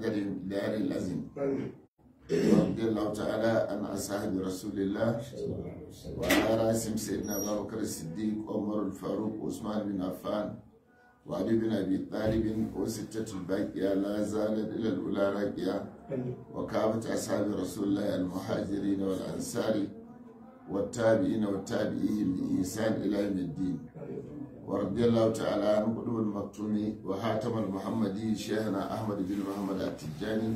غير اللازم رضي الله تعالى عن أصحاب رسول الله وعلى رأسهم سيدنا أبو بكر الصديق عمر الفاروق عثمان بن عفان وعلي بن أبي طالب وستة الباقية لا زالت إلى الأولى راقية وكافة أصحاب رسول الله المهاجرين والأنصار والتابعين والتابعين بإحسان إلى يوم الدين ورضي الله تعالى عن قلوب المكتوم وحاتم المحمدي شيخنا احمد بن محمد التجاني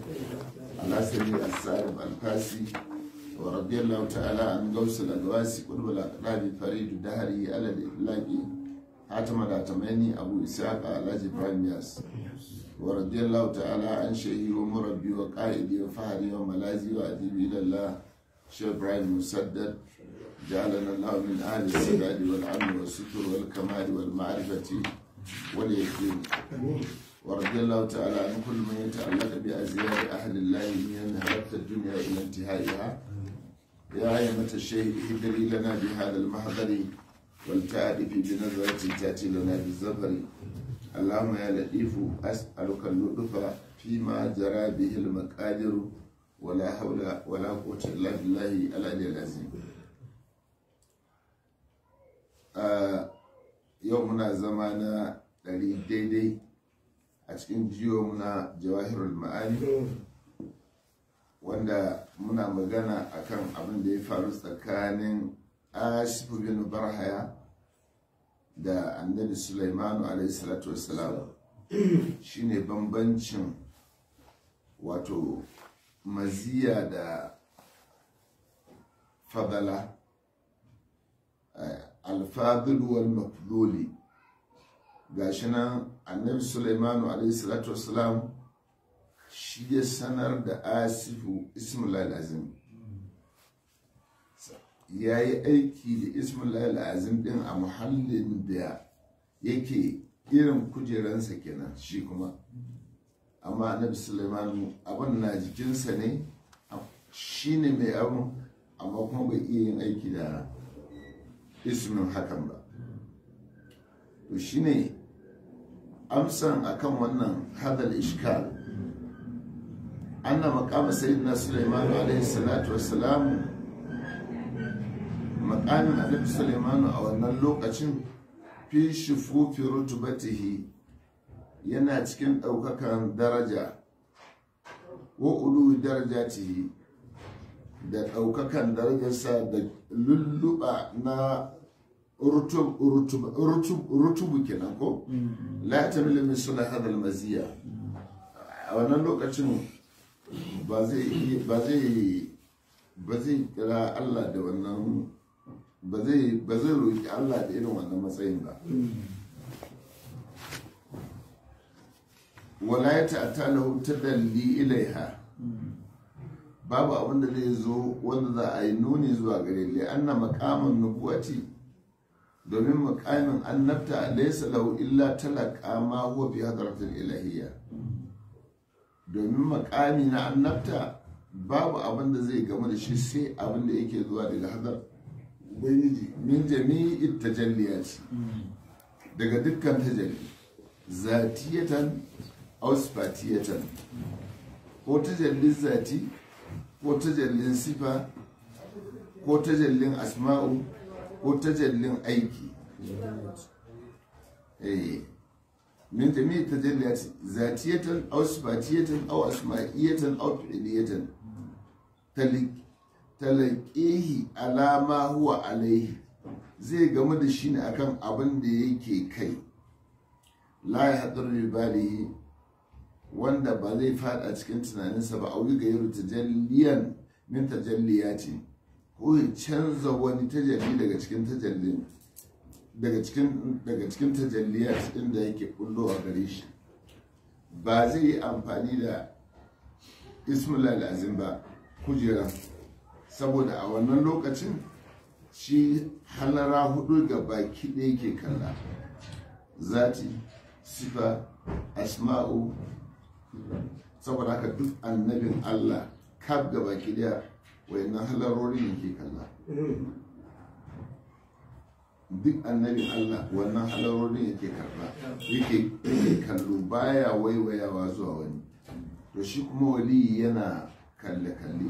الاسري السالم الفاسي ورضي الله تعالى عن قوس الادواسي قلوب الاقلاب فريد دهري على الاطلاق حاتم الاتماني ابو اسحاق الحاج ابراهيم ياس ورضي الله تعالى عن شيخي ومربي وقائدي وفهري وملاذي واديبي الى الله شيخ ابراهيم مسدد جعلنا الله من أهل السداد والعلم والستر والكمال والمعرفة واليقين ورضي الله تعالى عن كل من يتعلق بأزياء أهل الله من هلكت الدنيا إلى انتهائها يا عيمة الشيخ اهدري لنا بهذا المحضر والتعرف بنظرة تأتي لنا بالزفر اللهم يا لطيف أسألك اللطف فيما جرى به المقادر ولا حول ولا قوة إلا بالله العلي العظيم yau muna zama na ɗari daidai a cikin jiyo muna jawahirul ma'ani wanda muna magana akan abin da ya faru tsakanin ashifu bin barhaya da annabi sulaimanu alaihi salatu wasalam shine bambancin wato maziya da fadala alfadul wal ga shi nan annabi sulaimanu alaihi salatu shi ya sanar da asifu ismullahi azim ya yi aiki da ismullahi azim din a muhallin da yake irin kujeransa kenan shi kuma amma annabi sulaimanu abin na jikinsa ne shi ne mai abin amma kuma bai iya yin aiki da izinin hakan ba to shine amsan akan wannan hadal ishkal anna maqama sayyidina sulaiman alayhi salatu wassalam maqamin annabi sulaiman a wannan lokacin fi shufufi rutubatihi yana cikin ɗaukakan daraja wa ulu darajatihi da ɗaukakan darajarsa da lulluɓa na rutubu kenan ko mm. la tamilu suna sulah hadal maziya a wannan lokacin ba zai ba zai ba zai kira Allah da wannan ba zai ba zai Allah da irin wannan matsayin ba mm. wala ya ta'ata da tadalli ilaiha mm. babu abin da zai zo wanda za a yi nuni zuwa gare li anna maqamun nubuwati domin maqamin annabta laysa lahu illa talaqa ma huwa fi hadratil ilahiyya domin maqami na annabta babu abin da zai gama da shi sai abin da yake zuwa daga hadar ubangiji min jami'i tajalliyat daga dukkan tajalli zatiyatan aw sifatiyatan ko tajalli zati ko tajallin sifa ko tajallin asma'u ko tajallin aiki eh, min jami'i tajalliyat zatiyatan aw sifatiyatan aw asma'iyatan aw fi'liyatan talaqihi alama huwa alaihi zai gamu da shi ne akan abin da yake kai la ya hadar ribalihi wanda ba zai fada cikin tunaninsa ba auyi ga yaro tajalliyan min tajalliya ce ko ya canza wani tajalli daga cikin tajalli daga cikin daga cikin tajalliya da yake kullo a gare shi ba zai yi amfani da ismul lazim ba kujera saboda a wannan lokacin shi halara hudu ga baki ɗaya ke kalla zati sifa asma'u saboda haka duk annabin Allah kaf ga baki daya wayannan halarorin ke kalla duk annabin Allah wannan halarorin ke karba yake kallo baya waiwayawa zuwa wani to shi kuma wali yana kalle kalle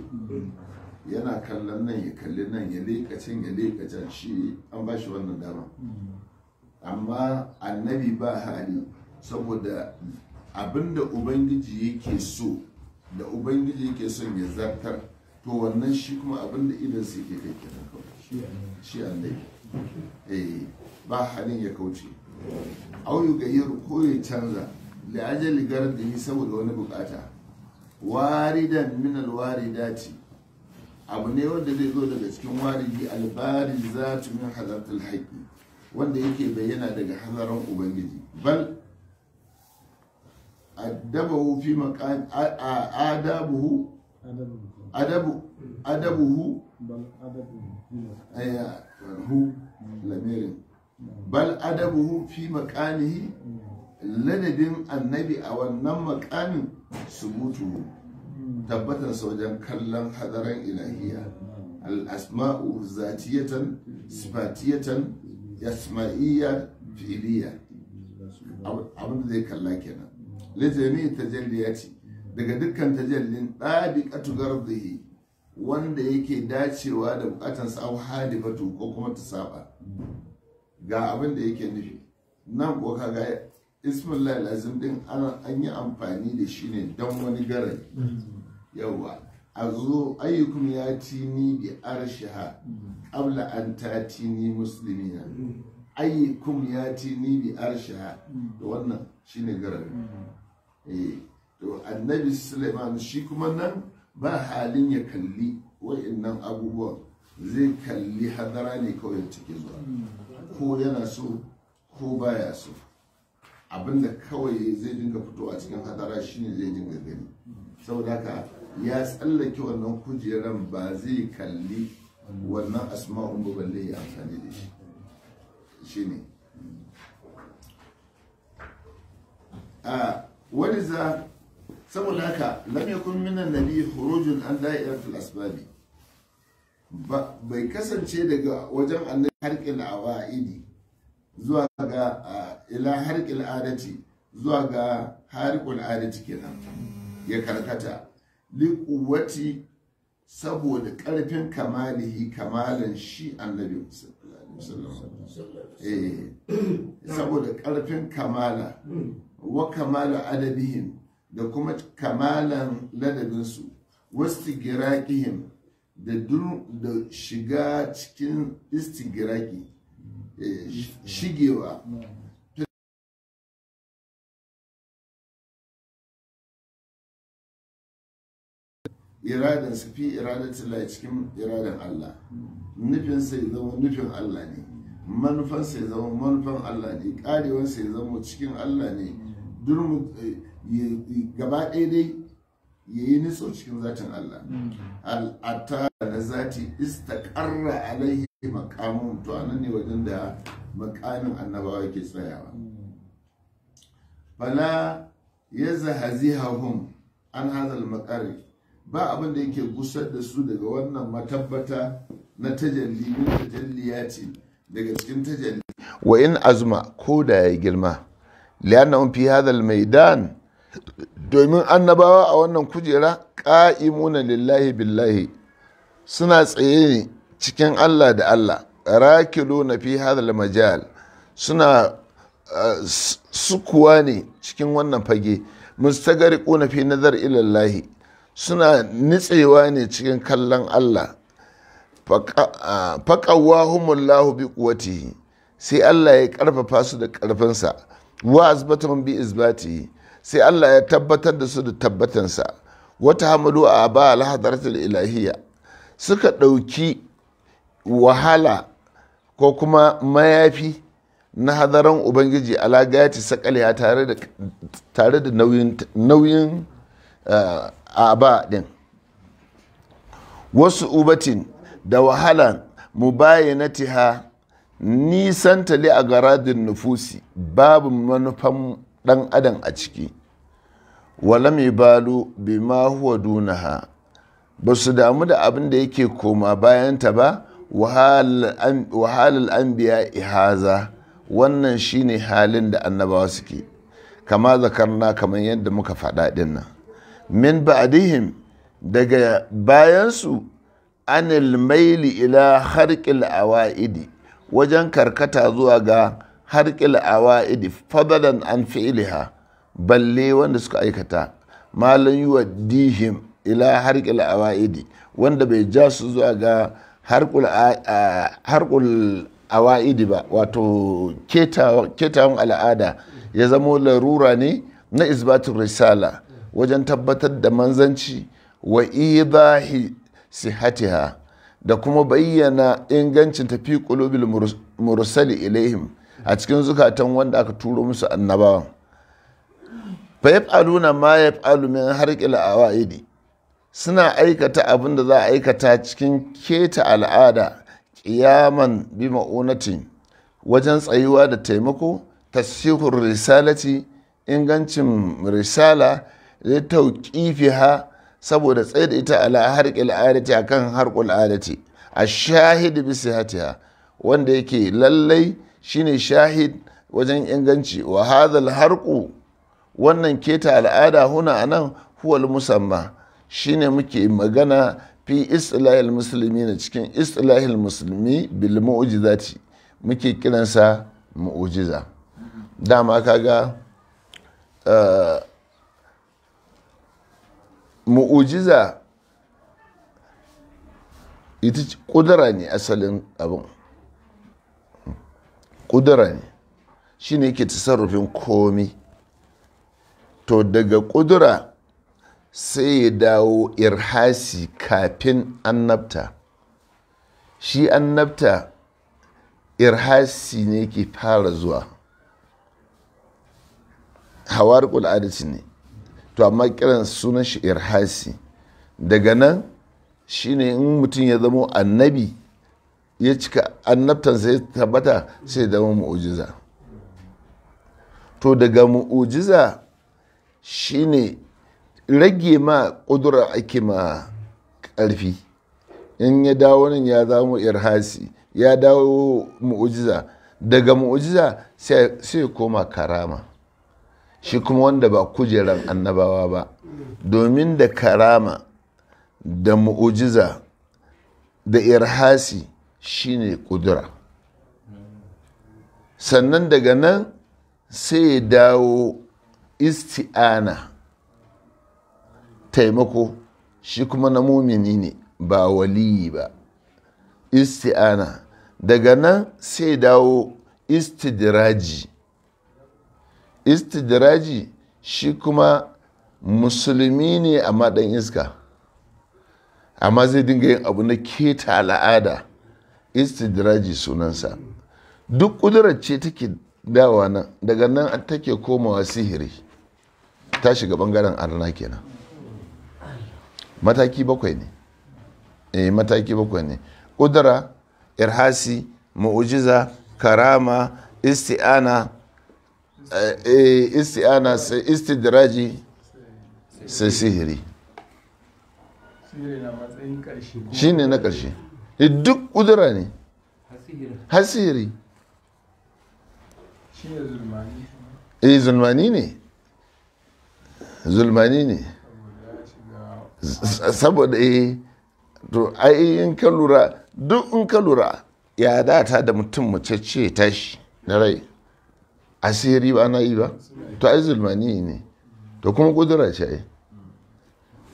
yana kallon nan ya kalli nan ya leka can ya leka can shi an ba shi wannan dama amma annabi ba hali saboda abinda ubangiji yake so da ubangiji yake son ya zartar to wannan shi kuma abinda idan su yake kai kenan kawai shi allai eh ba halin ya kauce au yi gayyar ko ya canza da ajali saboda wani bukata waridan wari dace. abu ne wanda zai zo daga cikin waridi albari za min halartar haƙi wanda yake bayyana daga hazarin ubangiji bal adabahu fi maqam adabuhu adabu adabuhu bal adabuhu lamirin bal adabuhu fi maqamihi ladabin annabi a wannan makamin su mutu tabbatarsa wajen kallon hadaran ilahiya al'asma'u zatiyatan sifatiyatan yasma'iyya Abin da zai kalla kenan ta lijami tajalliyati daga dukkan tajallin ɗabiƙatu gardihi wanda yake dacewa da bukatansa au hadifatu ko kuma ta saba ga abinda yake nufi nan ko kaga ismullah lazim din an yi amfani da shi ne don wani garai yawa a zo ayyukum ya tini bi arshiha abla an tatini muslimina ayyukum ya tini bi arshiha to wannan shine garai Eh, to annabi suleiman shi kuma nan ba halin ya kalli wa'annan abubuwan zai kalli hadara ne kawai cikin zuwa ko yana so ko baya so abinda kawai zai dinga fito a cikin hadara shine zai dinga gani saboda haka ya tsallake wannan kujeran ba zai kalli wannan asma'un ba balle ya amfani da shi shine a ah, wani za saboda haka lam yakun minan nabi hurujun an da'iratul asbabi bai kasance daga wajen allai awa a awaidi zuwa ga ila harkil adati zuwa ga harkul adati kenan ya karkata wati saboda karfin kamalihi kamalan shi annabi sallallahu alaihi wasallam eh saboda karfin kamala wa kamala adabihim da kuma kamalan ladabinsu wastigiraqihim da da shiga cikin istigiraki eh, shigewa iradan su fi iradatullah cikin iradan Allah nufin sai zama nufin Allah ne manufan sai zama manufan Allah ne karewan sai zama cikin Allah ne durin eh, gaba ɗaya dai ya yi niso cikin zatin Allah mm. al'ata da zati istaqarra alaihi maqamun to anan ne wajen da makamin annabawa ke tsayawa fala hahun an hadha makari ba abinda da yake gusar da su daga wannan matabbata na tajalli min ce daga cikin tajalli wa in zuma ko da ya girma li'annahum fi hadal mai dan domin annabawa a wannan kujera ƙaimuna lillahi billahi suna tsaye ne cikin Allah da Allah rakilu na fi hadal majal suna sukuwa ne cikin wannan fage mustagari ƙuna fi nazar ilallahi suna nitsewa ne cikin kallon Allah faƙawahumullahu bi kuwatihi sai Allah ya ƙarfafa su da ƙarfinsa wa azbatahum bi izbati sai Allah ya tabbatar da su da tabbatansa wata hamalu a ba al ilahiyya suka ɗauki wahala ko kuma mayafi na hadaran ubangiji alagaci sakaliya tare da nauyin a ba din wasu ubatin da mu bayyana tiha. nisan tali a garadin nufusi babu manufan ɗan adam a ciki walam bi ma huwa dunaha ba su damu da abin da yake koma bayanta ba wahalar anbiya ihaza wannan shine halin da annabawa suke kama na kamar yadda muka faɗa dinnan min ba'dihim daga bayansu anil maili ila harkil awa'idi wajen karkata zuwa ga harƙil awa'idi fadalan an filiha balle wanda suka aikata malan yi wa dihim ila harƙil awa'idi wanda bai ja su zuwa ga harƙul awa'idi ba wato ketawan al'ada ya zamo larura ne na isbatun risala wajen tabbatar da manzanci wa idahi sihatiha da kuma bayyana ingancin tafi qulubil mursali ilaihim a cikin zukatan wanda aka turo musu annabawan fa yaf'aluna ma yaf'alu min harqil awaidi suna aikata abin da za a aikata cikin keta al'ada kiyaman bi ma'unatin wajen tsayuwa da taimako tasihur risalati ingancin risala da fiha saboda tsaye da ita ala a kan akan harƙul adati a shahid bi sihatiha wanda yake lallai shine shahid wajen inganci wa hadhal harqu wannan keta al'ada huna anan huwal musamma shine muke magana fi islahil musulmi na cikin islahil musulmi bil mu'jizati muke kiransa mu'ujiza dama kaga eh, mu'ujiza ita kudura ne asalin abin kudura ne shi ne ke tasarrufin komi to daga kudura sai ya dawo irhasi kafin annabta shi annabta irhasi ne ke fara zuwa hawar adalci ne to amma kiran sunan shi irhasi daga nan shine in mutum ya zama annabi ya cika annabtansa sai tabbata sai zama mu'ujiza to daga mu'ujiza shine rage ma ƙudura ake ma ƙarfi in ya dawo nan ya zama irhasi ya dawo mu'ujiza daga mu'ujiza sai koma karama shi kuma wanda ba kujeran annabawa ba domin da karama da mu'ujiza da irhasi shine kudura sannan daga nan sai ya dawo isti'ana taimako shi kuma na mumini ne ba waliyi ba isti'ana daga nan sai dawo istidiraji istidraji shi kuma musulmi ne amma ɗan iska amma zai dinga yin abu na keta al'ada istidraji sunansa duk ƙudurar ce take dawa nan daga nan take komawa sihiri ta shiga ɓangaren arna kenan mataki bakwai ne eh mataki bakwai ne ƙudura irhasi mu'ujiza karama isti'ana isti'ana eh, eh, istidraji sai sihiri shi ne na ƙarshe eh, duk ƙudura ne har sihiri eh zulmani ne zulmani ne saboda eh to ai in duk in ka ya data da mutum mace ce tashi na rai asiri ba na yi ba to ai zulmani ne to kuma kudura ce ai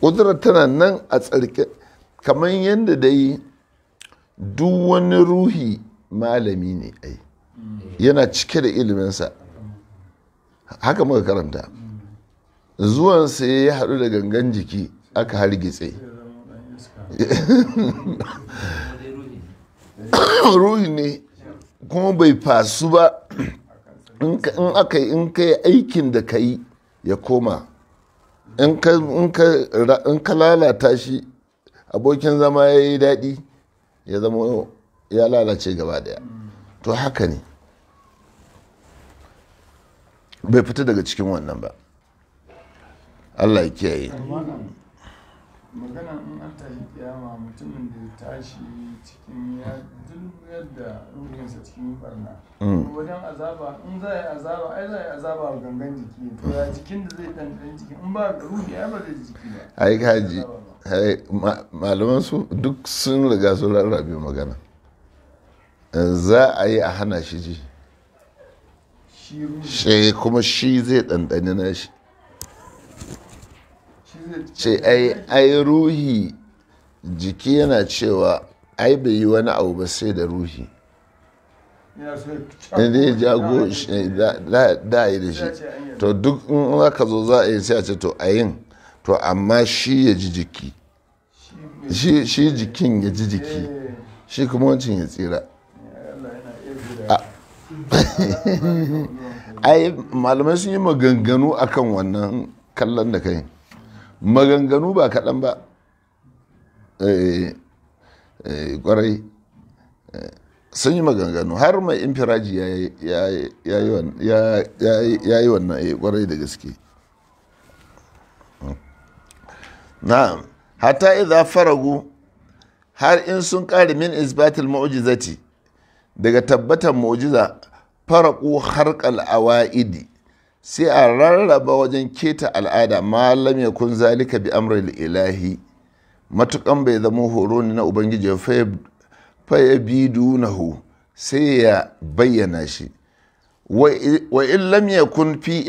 kudura tana nan a tsarki kamar yadda dai duk wani ruhi malami ne ai yana cike da iliminsa haka muka karanta Zuwan sa ya haɗu da gangan jiki aka hargitse ruhi ne kuma bai fasu ba in aka in ka yi aikin da ka yi ya koma in ka lalata shi abokin zama ya yi daɗi ya zama ya lalace gaba daya to haka ne bai fita daga cikin wannan ba allah ya kiyaye magana in an yi kiyama mutumin da ya tashi cikin ya dulmiyar da ruhinsa cikin barna mm. wajen azaba in za a yi azaba ai za a yi azaba a gangan jiki to ya jikin da zai dan jiki in ba ga ruhi ya ba zai jiki ba ai kaji malaman su duk sun riga sun rarrabe magana za a yi a hana shi ji shi kuma shi zai ɗanɗani na shi ce ai ruhi jiki yana cewa ai bai yi wani abu ba sai da ruhi inda ya jago da yi da shi to duk in aka zo za a yi sai a ce to a yin to amma shi ya ji jiki shi jikin ya ji jiki shi kuma wancan ya tsira ai malamai sun yi maganganu akan wannan kallon da kai maganganu ba kaɗan ba kwarai eh, eh, eh, sun yi maganganu har mai infiraji ya yi wannan kwarai da gaske na'am hata idan faragu har in sun ƙari min isbatil ma'ujizati daga tabbatar mu'jiza faraku harkal awa'idi sai a rarraba wajen keta al'ada malam ya kun zalika bi amril ilahi matukan bai zama horo ne na ubangiji bi dunahu sai ya bayyana shi wa in lam yakun fi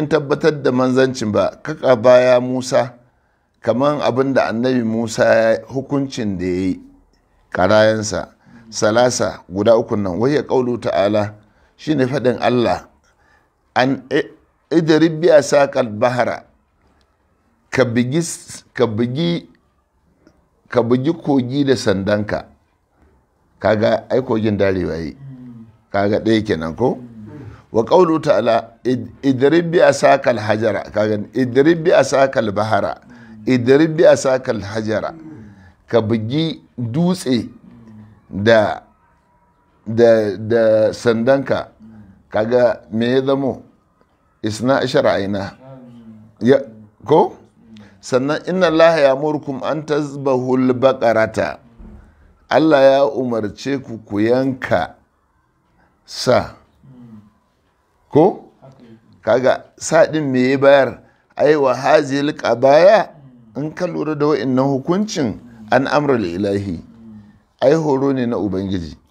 in tabbatar da manzancin ba kaka baya musa kaman abinda annabi musa ya hukuncin da ya yi karayensa salasa guda ukun nan wai ya ta'ala ne faɗin Allah an idrib bi bahara ka bugi kogi da sandanka kaga ai kogin darewa yi kaga ɗaya kenan ko wa ala ta'ala idrib saƙar hajara kaga idrib bi bahara idrib bi hajara ka bugi dutse da da, da sandanka kaga me ya zamo isna ashara aina ya ko sannan inna allaha ya murkum an tazbahul baqarata Allah ya umarce ku ku yanka sa ko kaga sa din me ya bayar ai wa hazil qadaya in ka lura da wa'annan hukuncin an amrul ilahi ai horo ne na ubangiji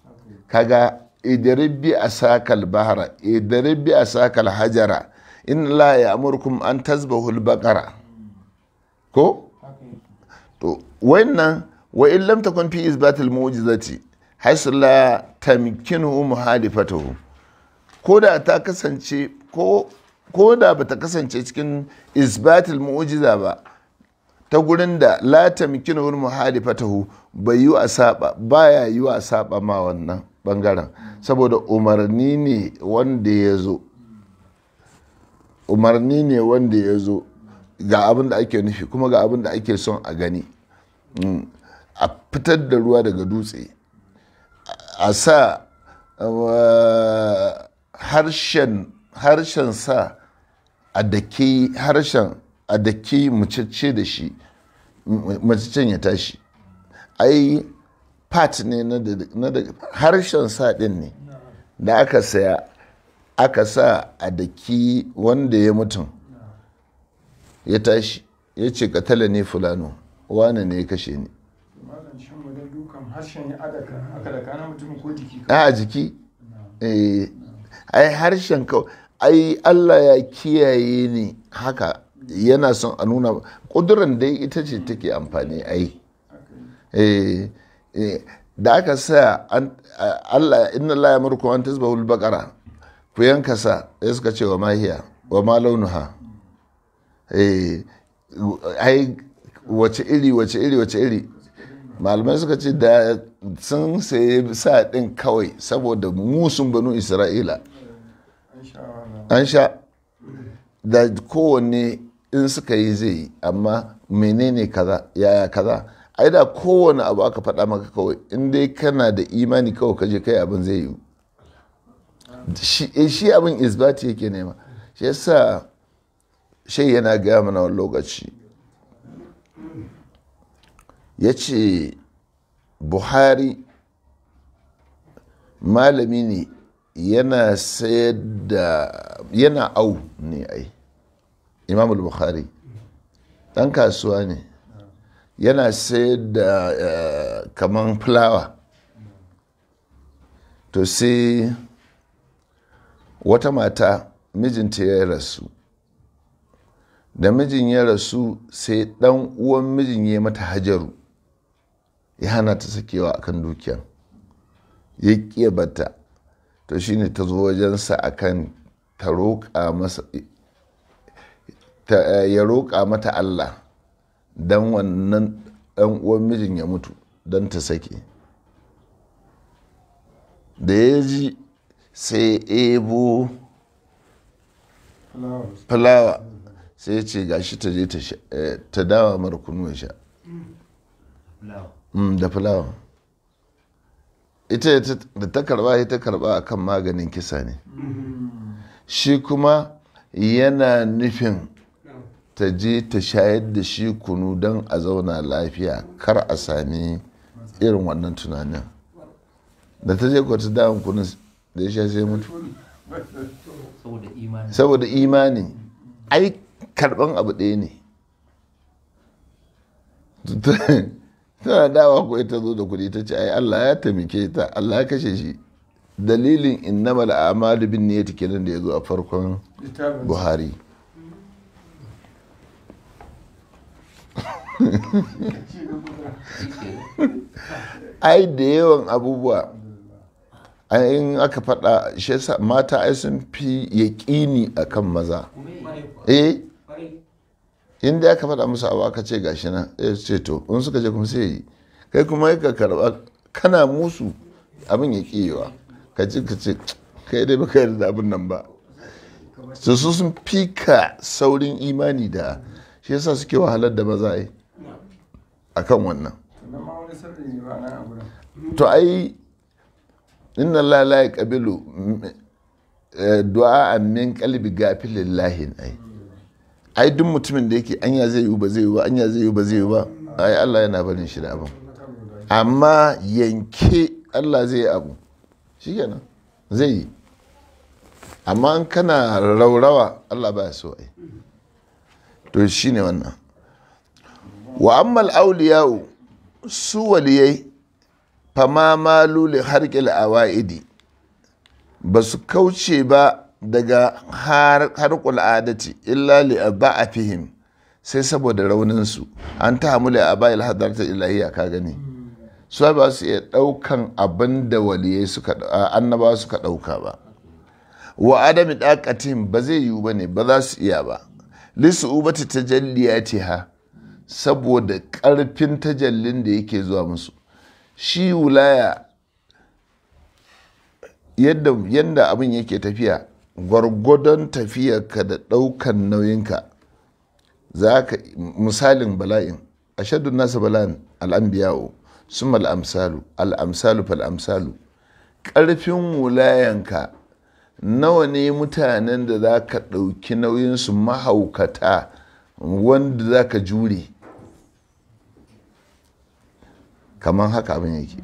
kaga idare bi sakal bahara idare bi sakal hajara inna la ya'murukum an tasba al-baqara ko to wannan wa in lam takun fi isbat al-mu'jizati hasla tamkinuhu muhalifatuhu ko da ta kasance ko ko da ba ta kasance cikin isbatul mu'jiza ba ta gurin da la tamkinuhu muhalifatahu bai yi a saba baya yi a saba ma wannan bangaren saboda umarni ne wanda ya zo umarni ne wanda ya zo ga abin da ake nufi kuma ga abin da ake son a gani mm. a fitar da ruwa daga dutse a sa eh, harshen sa a dake harshen a dake mucicce da shi mucicce ya tashi ai part ne na da harshen sa din ne da aka saya aka sa a daki wanda ya mutum ya tashi ya ce katala ne fulano wane ne ya kashe ni a jiki eh, ai harshen kawai ai allah ya kiyaye ni haka yana son a nuna ƙuduran dai ita ce take amfani ai Eh, da aka sa Allah inna la murku an tazbahul baqara ku yanka sa sai suka ce wa mahiya wa ma launuha eh ai wace iri wace iri wace iri malamai suka ce da sun sai sa din kawai saboda musun banu isra'ila an sha da kowanne in suka yi zai yi amma menene kaza yaya kaza ai da kowane abu aka faɗa maka kawai in dai kana da imani kawai kaje kai abin zai yi eh, shi abin isbati yake nema shi yasa shai yana gaya mana wani lokaci ya ce buhari malami ne yana sayar da yana au ne ai imamul buhari ɗan kasuwa ne yana sayar da eh, kaman fulawa to sai wata mata mijinta ya rasu da mijin ya rasu sai dan uwan mijin ya mata hajaru ya hana ta sakewa a kan dukiyar ya kebata to shine ta zo wajensa kan ta roƙa eh, ya roƙa mata Allah don wannan ɗan uwan mijin ya mutu don ta sake da ya ji sai ebo fulawa sai ce gashi ta je ta eh, dawa mara kunu sha mm, da fulawa ita da ta karba ya ta karba kan maganin kisa ne mm-hmm. shi kuma yana nufin ta je ta shayar da shi kunu don a zauna lafiya kar a sami irin wannan tunanin da ta je kwata damun kunu da ya sha sai mutu saboda imani ai karban abu ɗaya ne tana dawa ko ita zo da kuɗi ta ce ai Allah ya taimake ta Allah ya kashe shi dalilin innamal a'malu bin niyyati kenan da ya zo a farkon Buhari ai da yawan abubuwa in aka faɗa shi mata ai sun fi yaƙini a kan maza eh inda aka faɗa musu abu aka ce gashi na. ya eh, ce to in suka je kuma sai yi kai kuma ya karɓa kana musu abin ya ƙiyewa ka ce ka ce kai dai baka yarda da abin nan ba su sun fika saurin imani da shi yasa suke wahalar da maza yi. A kan wannan to ai inna la la ƙabilu, eh, du'a min qalbi gafilin lahin ai ai duk mutumin da yake anya zai yi ba zai yi ba anya zai yi ba zai yi ba ai Allah yana barin shi da abin amma yanke Allah zai yi abu Shi shikenan zai yi amma kana raurawa Allah ba so ai to shine wannan wa ammal auliya'u su waliyai fama malu li harƙil awa'idi ba su kauce ba daga harƙul adati illa li fihim sai saboda rauninsu an ta hamule a bayil hadarta ilahiya ka gani su ba su iya ɗaukan abin da waliyai suka annaba suka ɗauka ba wa adami ɗakatin ba zai yiwu ba ne ba za su iya ba lisu ubata ta ha saboda ƙarfin tajallin da yake zuwa musu shi wulaya yadda abin yake tafiya gwargwadon tafiyarka da ɗaukan nauyinka za ka misalin bala'in ashaddu nasa bala'in al'ambiya'u sun al'amsalu al'amsalu fal'amsalu ƙarfin wulayanka nawa ne mutanen da za ka ɗauki nauyinsu mahaukata wanda za ka jure kamar haka abin yake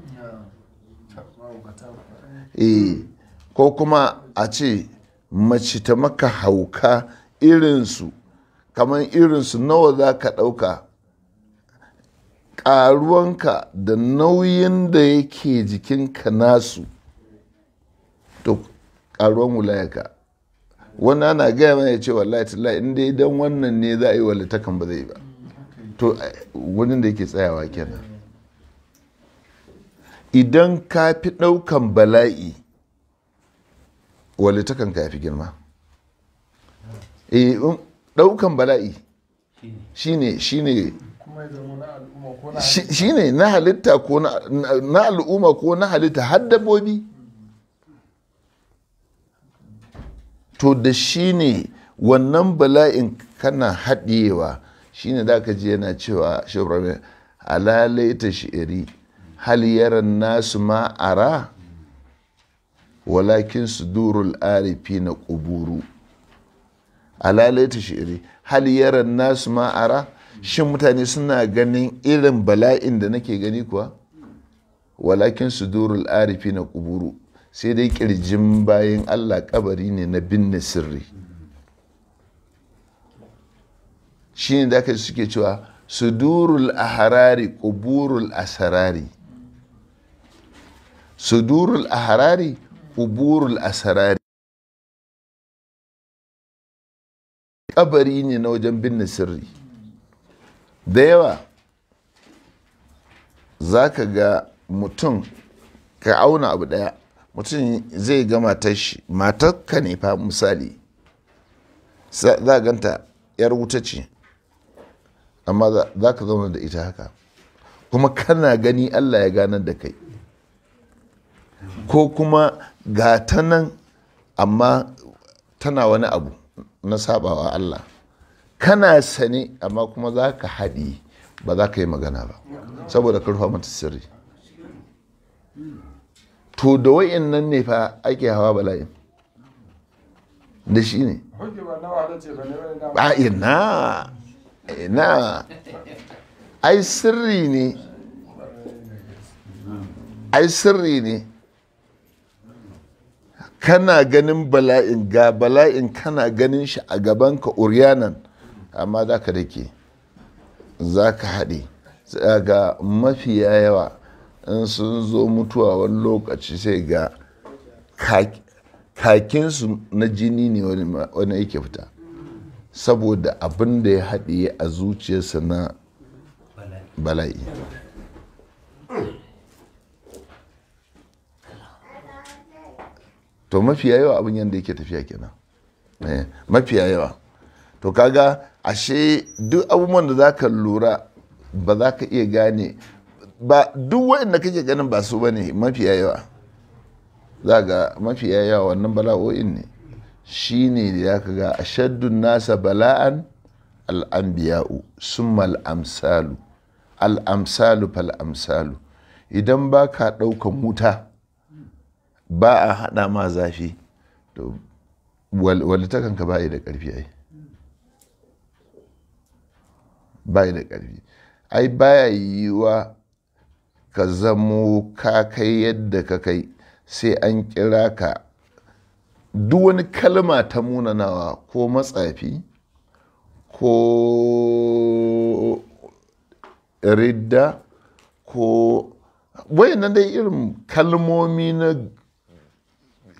eh ko kuma a ce mace ta maka hauka irinsu kamar irinsu nawa za ka ɗauka ƙaruwanka da nauyin da yake jikinka nasu to ƙaruwan wulayaka wani ana gaya mana ce wallahi tallahi in dai dan wannan ne za a yi walatakan ba zai ba mm, to eh, wani da yake tsayawa kenan idan ka fi ɗaukan bala'i walitakan ka fi girma eh, um, ɗaukan bala'i shine shine shine na halitta ko na al'umma ko na halitta har dabbobi to da shine wannan bala'in kana shi shine da ka ji yana cewa shi alalai shi shi'iri hal yaran nasu ma ara walakin sudurul arifi na ƙuburu alalaita shi'iri hal yaran nasu ma shin mutane suna ganin irin bala'in da nake gani kuwa walakin su sudurul arifi na kuburu, sai dai kirjin bayan allah kabari ne na binne sirri shi ne da aka suke cewa su durul sudurul aharari ƙuburul asarari sudurul aharari uburul asarari Ƙabari ne na wajen binne sirri da yawa za ka mutum ka auna abu ɗaya, mutum zai ga matar shi matar ka ne misali za ganta yar wuta ce amma za ka zauna da ita haka kuma kana gani allah ya ganar da kai ko kuma ga ta nan amma tana wani abu na sabawa Allah kana sani amma kuma za ka haɗi ba za ka yi magana ba saboda karfa mata sirri to da wa'in nan ne fa ake hawa bala'in da shi ne ba ina ina ai sirri ne ai sirri ne kana ganin bala'in ga bala'in kana ganin shi a gabanka uryanan amma za ka dake za ka haɗe ga mafiya yawa in sun zo mutuwa wani lokaci sai ga kakinsu na jini ne wani yake fita saboda abin da ya haɗe a zuciyarsa na bala'i to mafiya yawa abin yadda yake tafiya kenan eh, mafiya yawa to kaga ashe duk abubuwan da za ka lura ba za ka iya gane ba duk da kake ganin ba su bane mafiya yawa za ga mafiya yawa wannan bala'o'in ne shi ne da ya kaga ashaddun nasa bala'an al'ambiya'u sun mal'amsalu al'amsalu fal'amsalu idan ba ka ɗaukan wuta ba a haɗa ma zafi to walitakanka ba da ƙarfi ai ba da ƙarfi ai baya yiwuwa ka zamo ka kai yadda ka kai sai an kira ka duk wani kalma ta munanawa ko matsafi ko ridda ko wayannan dai irin kalmomi na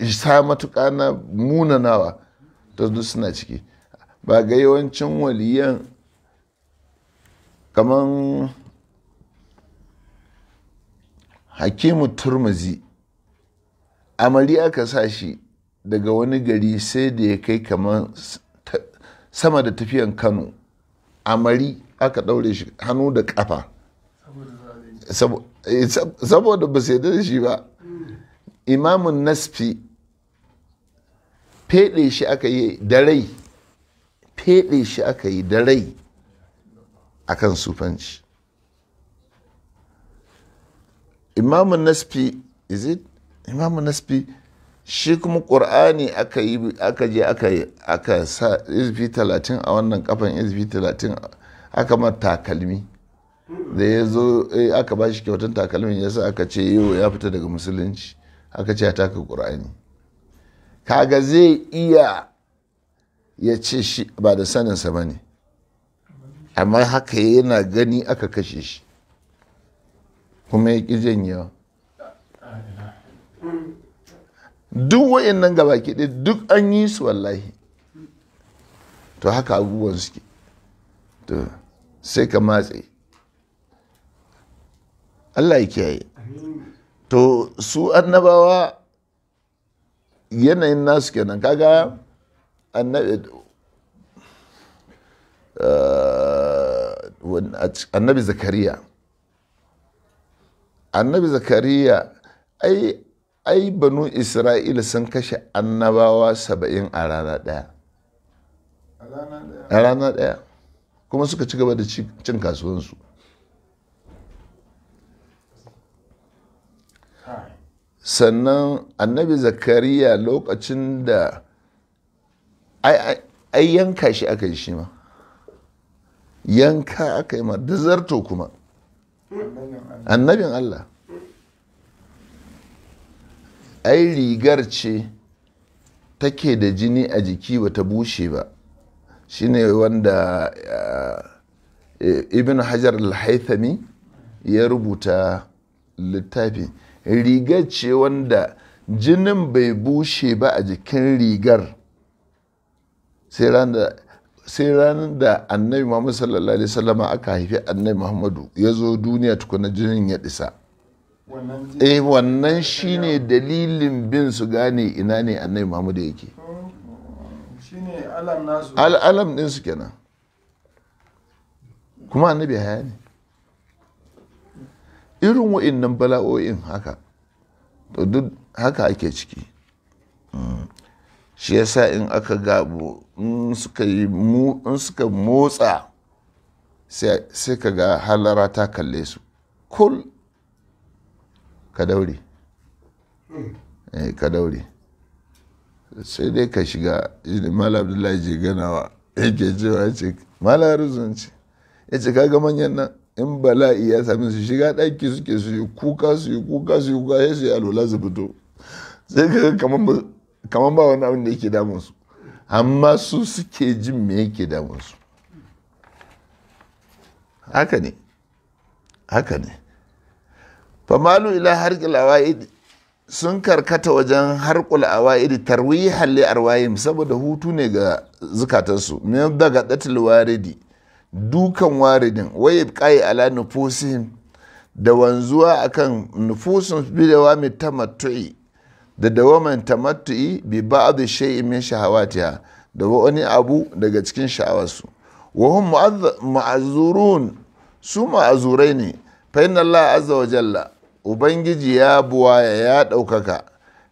sa matuƙa na munanawa ta duk suna ciki ba ga yawancin waliyan kaman hakimu Turmazi. amari aka sa shi daga wani gari sai da ya kai kaman sama da tafiyan kano amari aka ɗaure shi hannu da ƙafa saboda eh, ba sai da shi ba mm. imamun nasfi feɗe shi aka yi da rai feɗe shi aka yi da rai a kan sufanci imamun nasfi is it imamun nasfi shi kuma ƙur'ani aka yi aka je aka yi aka sa izbi talatin a wannan kafan izbi talatin aka ma takalmi da ya zo eh, aka ba shi kyautar takalmin ya sa aka ce yau ya fita daga musulunci aka ce ya taka ƙur'ani kaga zai iya ya ce shi ba da saninsa ba ne amma haka yana gani aka kashe shi kuma ya ƙi janyewa duk nan gaba kiɗi duk an yi su wallahi to haka abubuwan suke to sai ka matse Allah ya kiyaye to su annabawa yanayin nasu kenan kaga annabi eh, annabi zakariya annabi zakariya ai ai banu isra'ila sun kashe annabawa saba'in a rana ɗaya a rana ɗaya kuma suka ci gaba da cin kasuwansu sannan annabi zakariya lokacin da ai yanka shi aka yi shi ma yanka aka yi ma da zarto kuma annabin allah ai rigar ce take da jini a jiki bata bushe ba shine wanda eh, ibn hajar al ya rubuta littafi rigar ce wanda jinin bai bushe ba a jikin rigar sai ranar da annabi muhammadu sallallahu alaihi wasallama aka haifi annabi muhammadu ya zo duniya tukuna jinin ya ɗisa eh wannan shine dalilin bin su gane ina ne annabi muhammadu yake alam din su kenan kuma annabi haya ne irin wa'innan bala'o'in haka to duk haka ake ciki mm. shi yasa in aka gabu in suka motsa sai ka ga halara ta kalle su kul ka daure eh, ka daure sai dai ka shiga malam abdullahi je ganawa yake cewa ce malam ruzunci ya ce kaga manyan nan in bala'i ya sami su shiga ɗaki suke su yi kuka su yi kuka su yi kuka sai su yi alola su fito sai ka kamar ba wani abin da yake damun su amma su suke jin me yake damun su haka ne haka ne famalu ila harkil awaid sun karkata wajen harkul awaid tarwi li arwayim saboda hutu ne ga zukatansu min daga datil waridi dukan waridin waye kai ala nufusihim da wanzuwa akan nufusun bi mai tamattu'i da dawaman tamattu'i bi ba'd shay'in min shahawatiha da wani abu daga cikin sha'awarsu wa hum ma'zurun su ma'azurai ne fa inna Allah azza wa jalla ubangiji ya buwaya ya daukaka.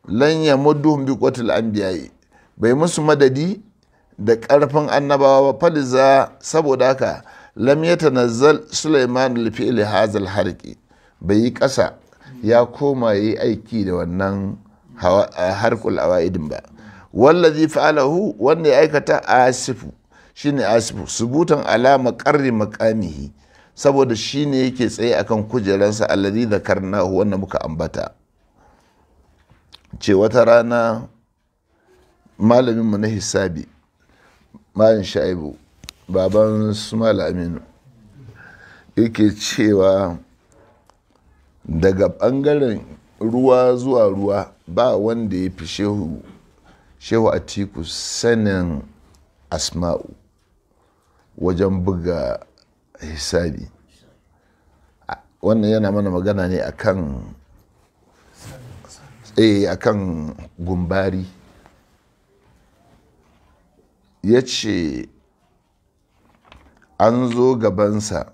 lan ya bi qatl anbiya'i bai musu madadi da ƙarfin annabawa ba faliza saboda haka lam yatanazzal Sulaiman suleiman hazal harqi bai yi ƙasa ya koma yi aiki da wannan harkul awaidin ba wallazi alahu wanda ya aikata asifu shine asifu subutan alama qarri maqamihi saboda shine yake tsaye akan kujeransa allazi zakarnahu wanda muka ambata ce wata rana malaminmu na hisabi malin sha'ibu baban su aminu yake cewa daga ɓangaren ruwa zuwa ruwa ba wanda ya fi shehu shehu atiku sanin asma'u wajen buga hisabi wannan yana mana magana ne akan eh akan gumbari ya ce an zo gabansa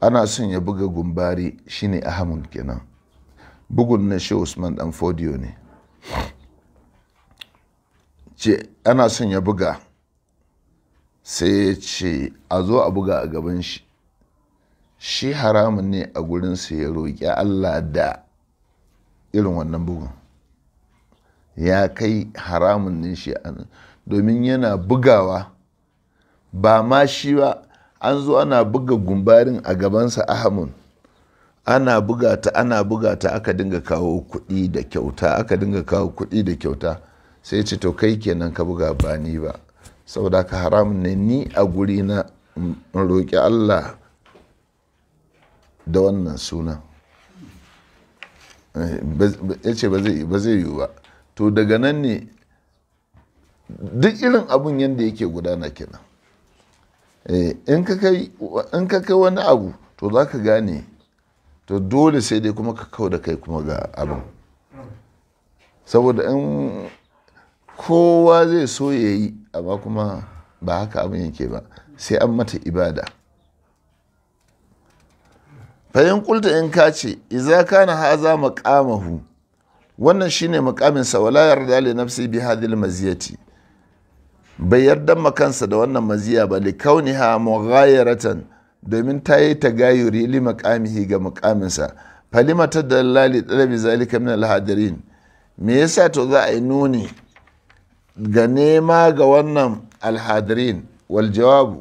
ana son ya buga gumbari shine ahamun kenan bugun na shi usman dan fodiyo ne ce ana son ya buga sai ya ce a zo a buga a gaban shi shi haramun ne a gurinsa ya roƙi allah da irin wannan bugun ya kai haramun ne shi domin yana bugawa ba ma shi ba an zo ana buga gumbarin a gabansa ahamun ana buga ta ana buga ta aka dinga kawo kuɗi da kyauta aka dinga kawo kuɗi da kyauta sai ce to kai kenan ka buga ba ni ba saboda ka haramun ne ni a guri na roƙi Allah da wannan suna eh, ya ce ba zai yiwu ba to daga nan ne duk irin abun yadda yake gudana kenan eh, in ka kai wani abu to za ka gane to dole sai dai kuma ka kau da kai kuma ga abin saboda in kowa zai so ya yi amma kuma ba haka abin yake ba sai an mata ibada fayin kulta in ka ce iza na haza makamahu wannan shine mukamin sa wala yarda li nafsi bi hadhihi maziyati bai yarda makansa da wannan maziya ba li kauniha mughayaratan domin ta yi tagayuri li maqamihi ga maqaminsa falima ta dalali talabi zalika min alhadirin me yasa to za a yi nuni ga nema ga wannan alhadirin wal jawabu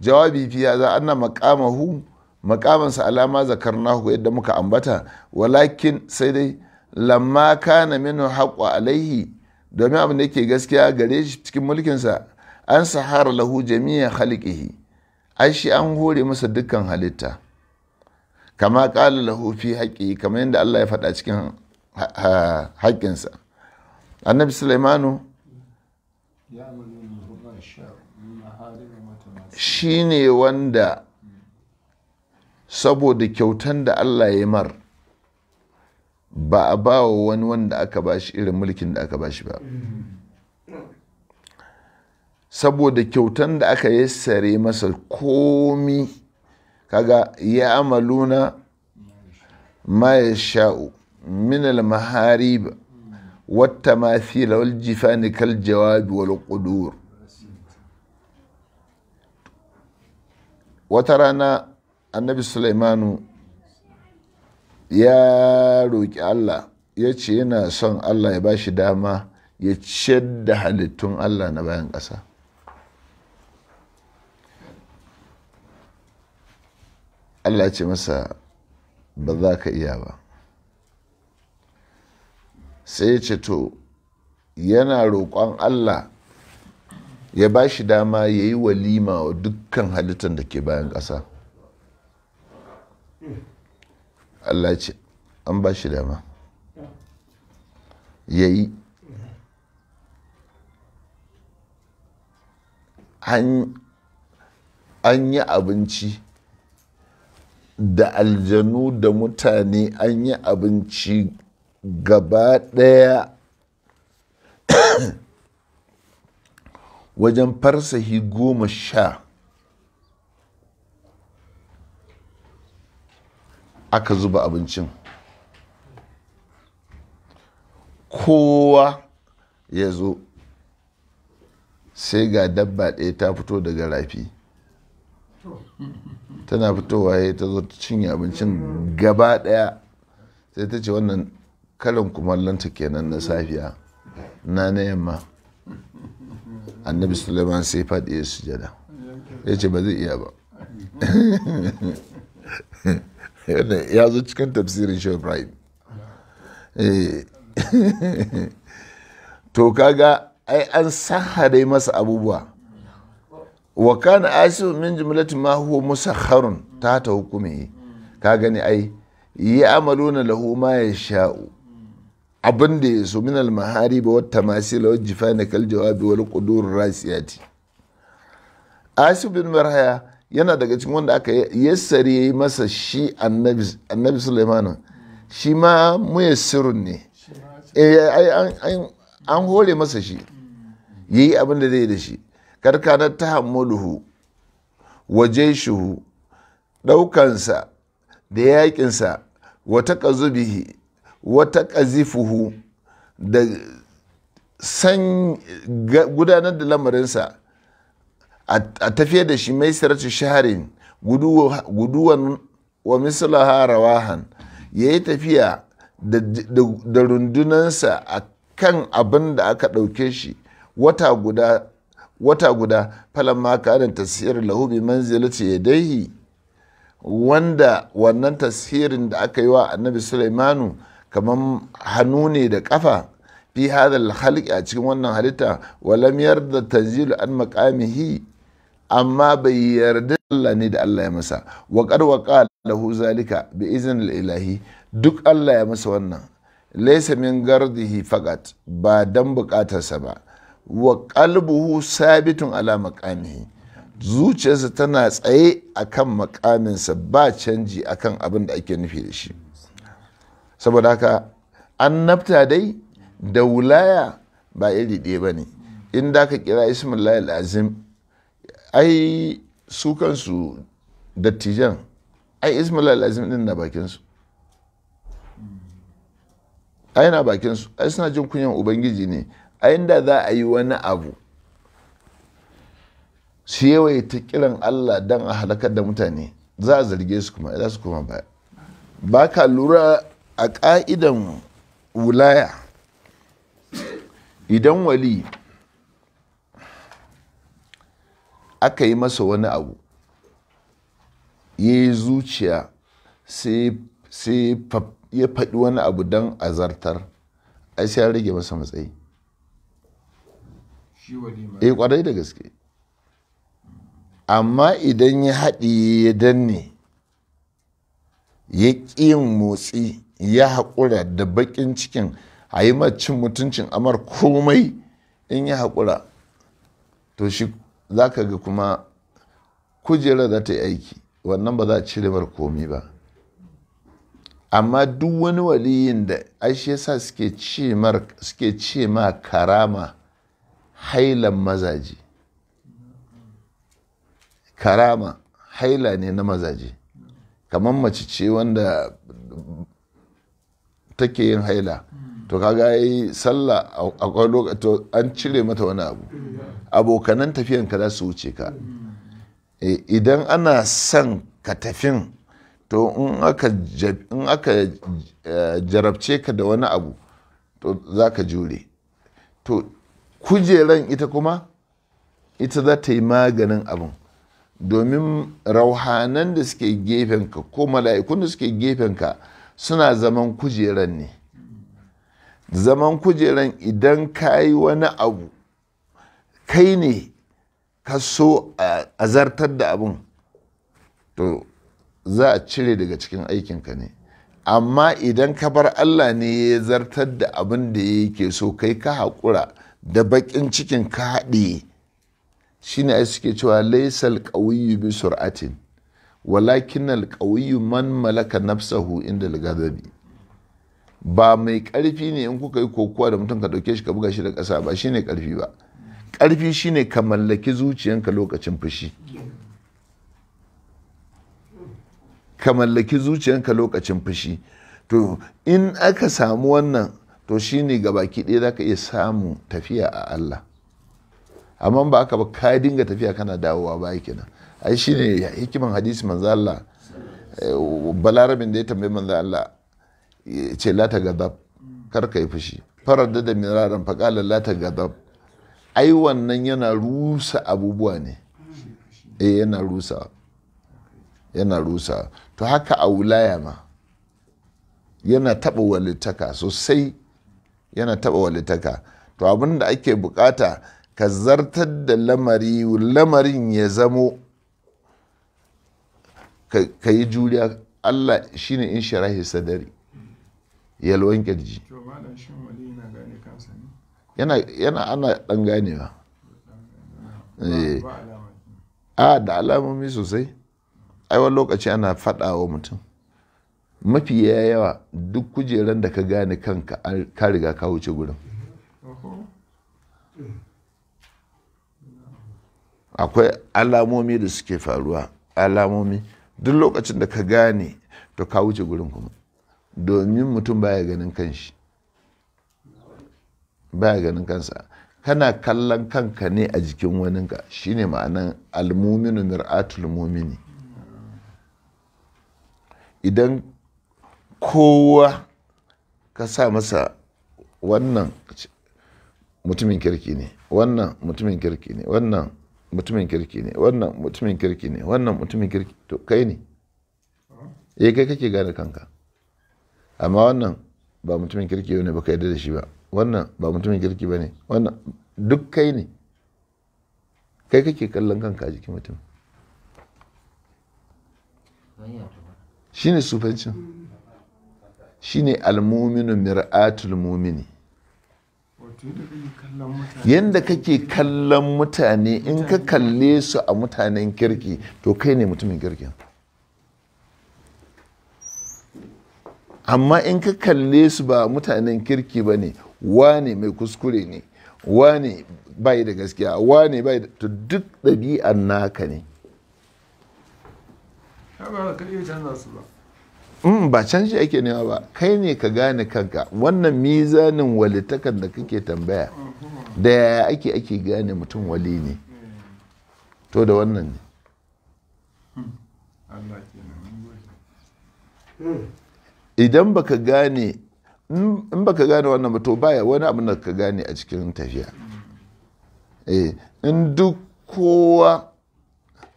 jawabi fiya za anna maqamahu makamansa alama zakarnahu yadda muka ambata walakin sai dai lamma kana minhu haqqu alaihi domin abin da yake gaskiya gare shi cikin mulkinsa an sahara lahu jami'a khaliqihi ai shi an hore masa dukkan halitta kama kala lahu fi haƙi kamar yadda Allah ya faɗa cikin haƙƙinsa annabi sulaimanu shi ne wanda saboda kyautan da Allah ya mar ba a ba wa wani wanda aka ba shi irin mulkin da aka ba shi ba saboda kyautan da aka yi sare masa komi kaga ya amaluna ma ya sha'u min al wata mafila wal jifani kal jawabi wal kudur wata rana annabi sulaimanu ya roƙi Allah ya ce yana son Allah ya ba shi dama ya ciyar da halittun Allah na bayan ƙasa Allah ce masa ba za ka iya ba sai ya ce to yana roƙon Allah ya ba shi dama ya yi walima wa dukkan halittar da ke bayan ƙasa. Allah ce an ba shi dama ya yi an yi abinci da aljanu da mutane an yi abinci gaba ɗaya wajen farsahi goma sha aka zuba abincin kowa ya zo sai ga dabba ɗaya ta fito daga rafi tana fitowa ya ta zo ta cinye abincin gaba ɗaya sai ta ce wannan kalin kumallonta kenan na safiya na na yamma annabi suleiman sai faɗi ya sujada ya ce ba zai iya ba ya zo cikin tafsirin shi ibrahim eh. to kaga ai an dai masa abubuwa wa kana asu min jumlati ma huwa musakharun ta ta hukume. ka gani ai yi amaluna lahu ma ya sha'u abin da ya min almahari ba wata masila wa jifani kal jawabi wal qudur rasiyati asu bin marhaya yana daga cikin wanda aka yassari ya yi masa shi annabi suleiman shi ma sirrin ne eh, an hore masa shi ya yi abin da zai da shi karkana ta hamuluhu waje shuhu ɗaukansa da yaƙinsa wata ƙazubihi wata ƙazifuhu da san gudanar da lamarinsa a tafiya da shi mai sarci shaharin guduwan wa mislaha rawahan ya yi tafiya da rundunansa a kan abin da aka ɗauke shi wata guda wata guda falon maka da lahubi lahu bi ya wanda wannan tasirin da aka yi wa annabi sulaimanu kamar hannu ne da kafa fi hadal halki a cikin wannan halitta walam da tanzilu an makamihi amma bai yarda Allah ne da Allah ya masa waƙar qad waqa lahu zalika bi izin ilahi duk Allah ya masa wannan laysa min gardihi faqat ba dan bukatarsa ba wa qalbuhu sabitun ala maqamihi zuciyarsa tana tsaye akan makaminsa ba canji akan abin da ake nufi da shi saboda haka an nafta dai da wulaya ba iri ɗaya ba ne in da ka kira ismin azim ai su kansu dattijan ai ismail al'azim din na bakinsu ai na bakinsu ai suna jin kunyan ubangiji ne a inda za a yi wani abu su yawaye ta kiran allah don a halakar da mutane za a zarge su kuma za su kuma baya ba ka lura a ka'idan wulaya idan wali aka yi masa wani abu ya yi zuciya sai ya faɗi wani abu don azartar ai sai ya rage masa matsayi eh kwarai da gaske amma idan ya haɗi ya danne ya ƙi motsi ya haƙura da baƙin cikin a yi cin mutuncin amar komai in ya haƙura to shi za ka ga kuma kujerar za ta yi aiki wannan ba za a cire mar komi ba amma duk wani waliyin da ashe sa suke ce ma karama hailan mazaji karama haila ne na mazaje kamar mace ce wanda take yin haila to kaga yi sallah a kwallo to an cire mata wani abu abokanan tafiyan ka za su wuce ka eh, idan ana son ka tafin to in aka eh, jarabce ka da wani abu to za ka jure to kujeran ita kuma ita za ta yi maganin abin domin rauhanan da suke gefenka ko mala'ikun da suke gefenka suna zaman kujeran ne zaman kujeran idan ka yi wani abu kai ne ka so a zartar da abin to za a cire daga cikin aikinka ne amma idan ka bar allah ne ya zartar da abin da yake so kai ka haƙura da baƙin cikin ka haɗe shine ai suke cewa laisal ƙauyu bi sur'atin walakin alƙawiyu man malaka nafsahu inda al ba mai karfi ne in kuka yi kokowa da mutum ka dauke shi ka buga shi da ƙasa ba shine karfi ba karfi shine ka mallaki zuciyanka lokacin fushi ka mallaki zuciyanka lokacin fushi to in aka samu wannan to shine ga baki ɗaya za ka iya samun tafiya a Allah amma ba aka ba ka dinga tafiya kana dawowa ba kenan ai shine hikiman hadisi manzo Allah eh, balarabin da ya tambayi manzo Allah ce lata gadab kar ka yi fushi farar da miraran faƙala la gadab ai wannan yana rusa abubuwa ne eh yana rusa yana rusa to haka a wulaya ma yana taɓa walittaka sosai yana taɓa walitaka to abin da ake bukata ka zartar da lamari lamarin ya zamo ka yi juriya allah shine in shirahi sadari yalwan kirji yana ana dan ganewa eh. a da alamomi sosai aiwa lokaci ana faɗawa mutum mafi yawa duk kujeran da ka gane kanka ka riga ka wuce gurin akwai alamomi da suke faruwa alamomi duk lokacin da ka gane to ka wuce gurin kuma domin mutum baya ganin kanshi baya ganin kansa kana kallon kanka ne a jikin waninka ne ma'anan almuminu mir'atul mumini idan kowa ka sa masa wannan mutumin kirki ne wannan mutumin kirki ne wannan mutumin kirki ne wannan mutumin kirki ne wannan mutumin kirki to kai ne eh kai kake gane kanka amma wannan ba mutumin kirki ne baka yarda da shi ba wannan ba mutumin kirki ba ne wannan duk kai ne kai kake kallon kanka a jikin mutum shi ne sufancin shi ne almuminu mir'atul mumini yadda kake kallon mutane in ka kalle su a mutanen kirki to kai ne mutumin kirkin amma in ka kalle su ba mutanen kirki ba ne wane mai kuskure ne wane bai da gaskiya wane bai da to duk ɗabi'ar naka ne mm, ba canji ake nema ba kai ne ka gane kanka wannan mizanin walitakan da kake tambaya da yaya ake ake gane mutum wali ne to da wannan ne hmm. Allah idan baka gane in baka gane wannan ba to baya wani abin da ka gane a cikin tafiya eh, in duk kowa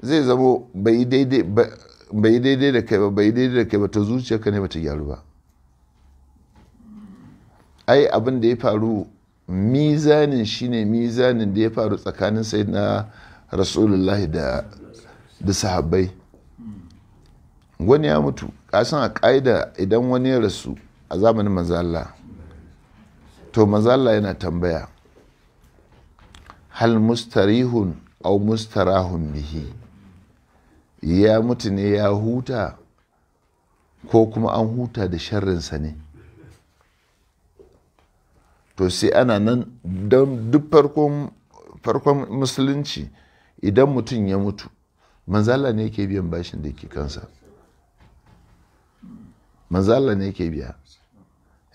zai zamo bai daidai da kai ba bai daidai da kai ba ta zuciyarka ne ba ta gyaru ba ai abin da ya faru mizanin shine mizanin da ya faru tsakanin sai na rasulullahi da sahabbai wani ya mutu kasan a ƙa'ida idan wani ya rasu a zamanin mazalla to mazalla yana tambaya hal mustarihun au mustarahun bihi ya mutu ne ya huta ko kuma an huta da sharrinsa ne to sai ana nan don duk farkon musulunci idan mutum ya mutu manzala ne ke biyan bashin da ke kansa manzo Allah ne yake biya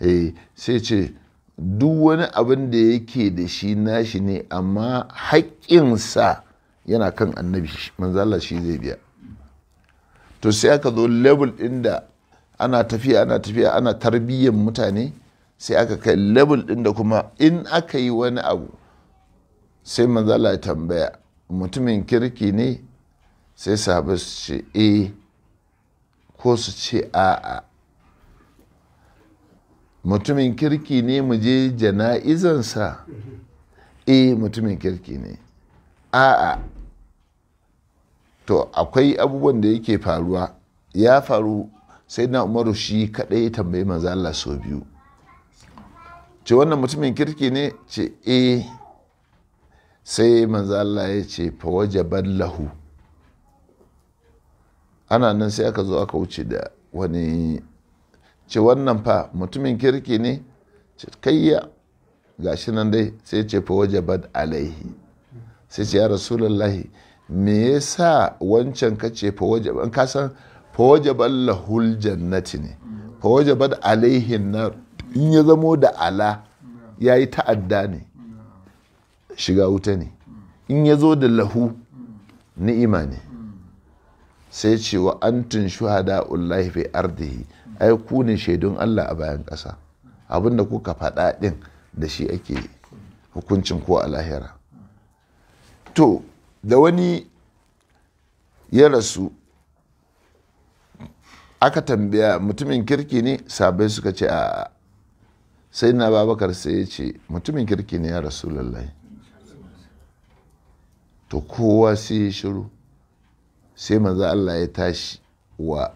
eh sai ce duk wani abin da yake da shi nashi ne amma sa yana kan annabi manzo shi zai biya to sai aka zo level ɗin da ana tafiya ana tafiya ana tarbiyyar mutane sai aka kai level ɗin da kuma in aka yi wani abu sai manzo ya tambaya mutumin kirki ne sai sahabai su ce eh ko su ce a'a mutumin kirki ne mu je jana'izansa e mutumin kirki ne a'a to akwai abubuwan da yake faruwa ya faru sai na umaru shi kadai tambayi mazala so biyu ce wannan mutumin kirki ne ce e sai mazala ya ce fawajaban lahu ana nan sai aka zo aka wuce da wani ce wannan fa mutumin kirki ne ce kayya shi nan dai sai ce fa wajabat alaihi sai ce ya rasulullahi me yasa wancan ka ce fa wajaban ka san fa wajaban lahul jannati ne fa wajabat alaihi na in ya zamo da ala ya yi ta'adda ne shiga wuta ne in ya zo da lahu ni'ima ne sai ce wa antin shuhada ullahi fi ardihi ai ku ne shaidun Allah a bayan ƙasa abin da kuka faɗa ɗin da shi ake hukuncin ko a lahira to da wani ya rasu aka tambaya mutumin kirki ne sabai suka ce a sai na babakar sai ya ce mutumin kirki ne ya rasu lallai to kowa sai ya shiru sai maza Allah ya tashi wa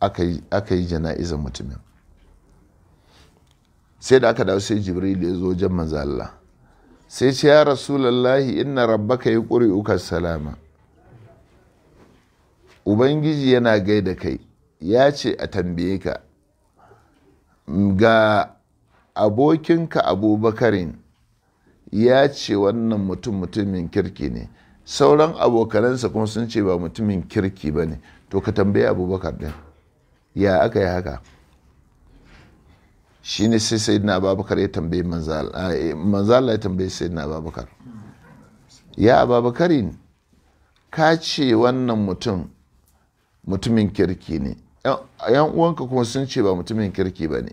aka yi jana'izar mutumin sai da aka dawo sai jibril ya zo wajen manzo Allah sai ce ya rasulullahi inna rabbaka ukar salama ubangiji yana gaida kai ya ce a tambaye ka ga abokinka abubakarin ya ce wannan mutum mutumin kirki ne sauran abokanansa kuma sun ce ba mutumin kirki ba ne to ka tambaye abubakar ɗin ya aka yi haka shi ne sai na ababakar ya tambaye manzala eh, ya tambaye na ababakar ya babakarin ka ce wannan mutum mutumin kirki ne yan uwanka kuma sun ce ba mutumin kirki ba ne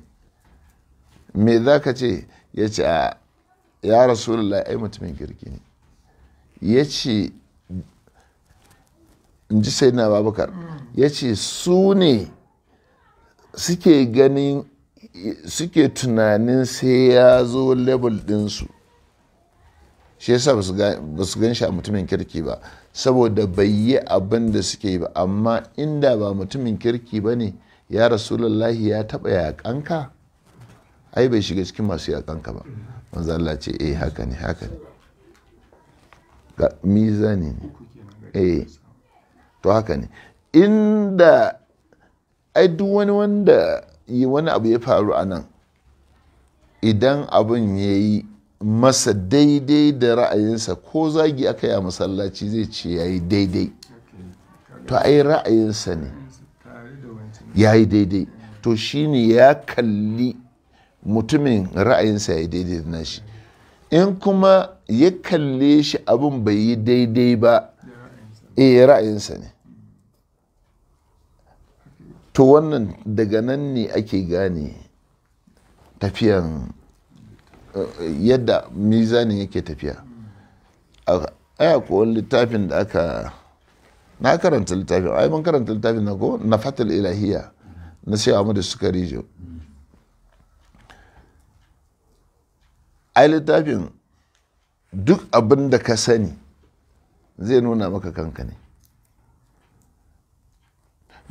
me za ka ce ya ce a ya rasulullah ai mutumin kirki ne ya ce in ji na ababakar ya ce su ne suke ganin suke tunanin sai ya zo level ɗinsu shi yasa ba su gan shi a mutumin kirki ba saboda bai yi abin da suke yi ba amma inda ba mutumin kirki ba ne ya rasulullahi ya taɓa yaƙanka ai bai shiga cikin masu yaƙanka ba manzo Allah ce eh haka ne haka ne ga mizani ne eh to haka ne inda ai duk wani wanda yi wani abu ya faru a nan idan abin ya yi masa daidai da ra'ayinsa ko zagi aka yi a masallaci zai ce ya yi daidai to ai ra'ayinsa ne ya yi daidai to shi ne ya kalli mutumin ra'ayinsa ya yi daidai da nashi in kuma ya kalle shi abin bai yi daidai ba eh ra'ayinsa ne to wannan daga nan ne ake gane tafiyan eh, yadda mizanin yake tafiya aya ko littafin da aka na karanta littafin ai ban karanta littafin na ko na fatal ilahiya na sai amma da suka rijo ai littafin duk abin da ka sani zai nuna maka kanka ne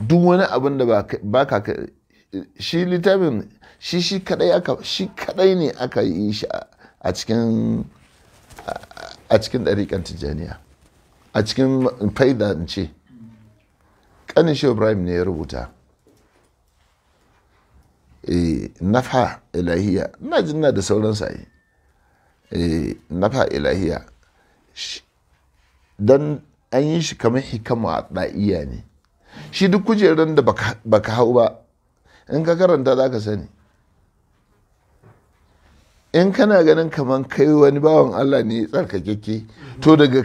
duk wani abin da ba ka shi littafin shi shi kadai aka shi kadai ne aka yi shi a cikin a cikin ɗariƙan tijjaniya a cikin faida in ce ƙanin shi ibrahim ne ya rubuta eh, nafa ilahiya na jin na da sauran sa'i eh, nafa ilahiya don an yi shi kamar hikama a ɗa'iya ne shi duk kujerar da baka hau ba in ka karanta za ka sani in kana ganin kamar kai wani bawan Allah ne tsarkakeke to daga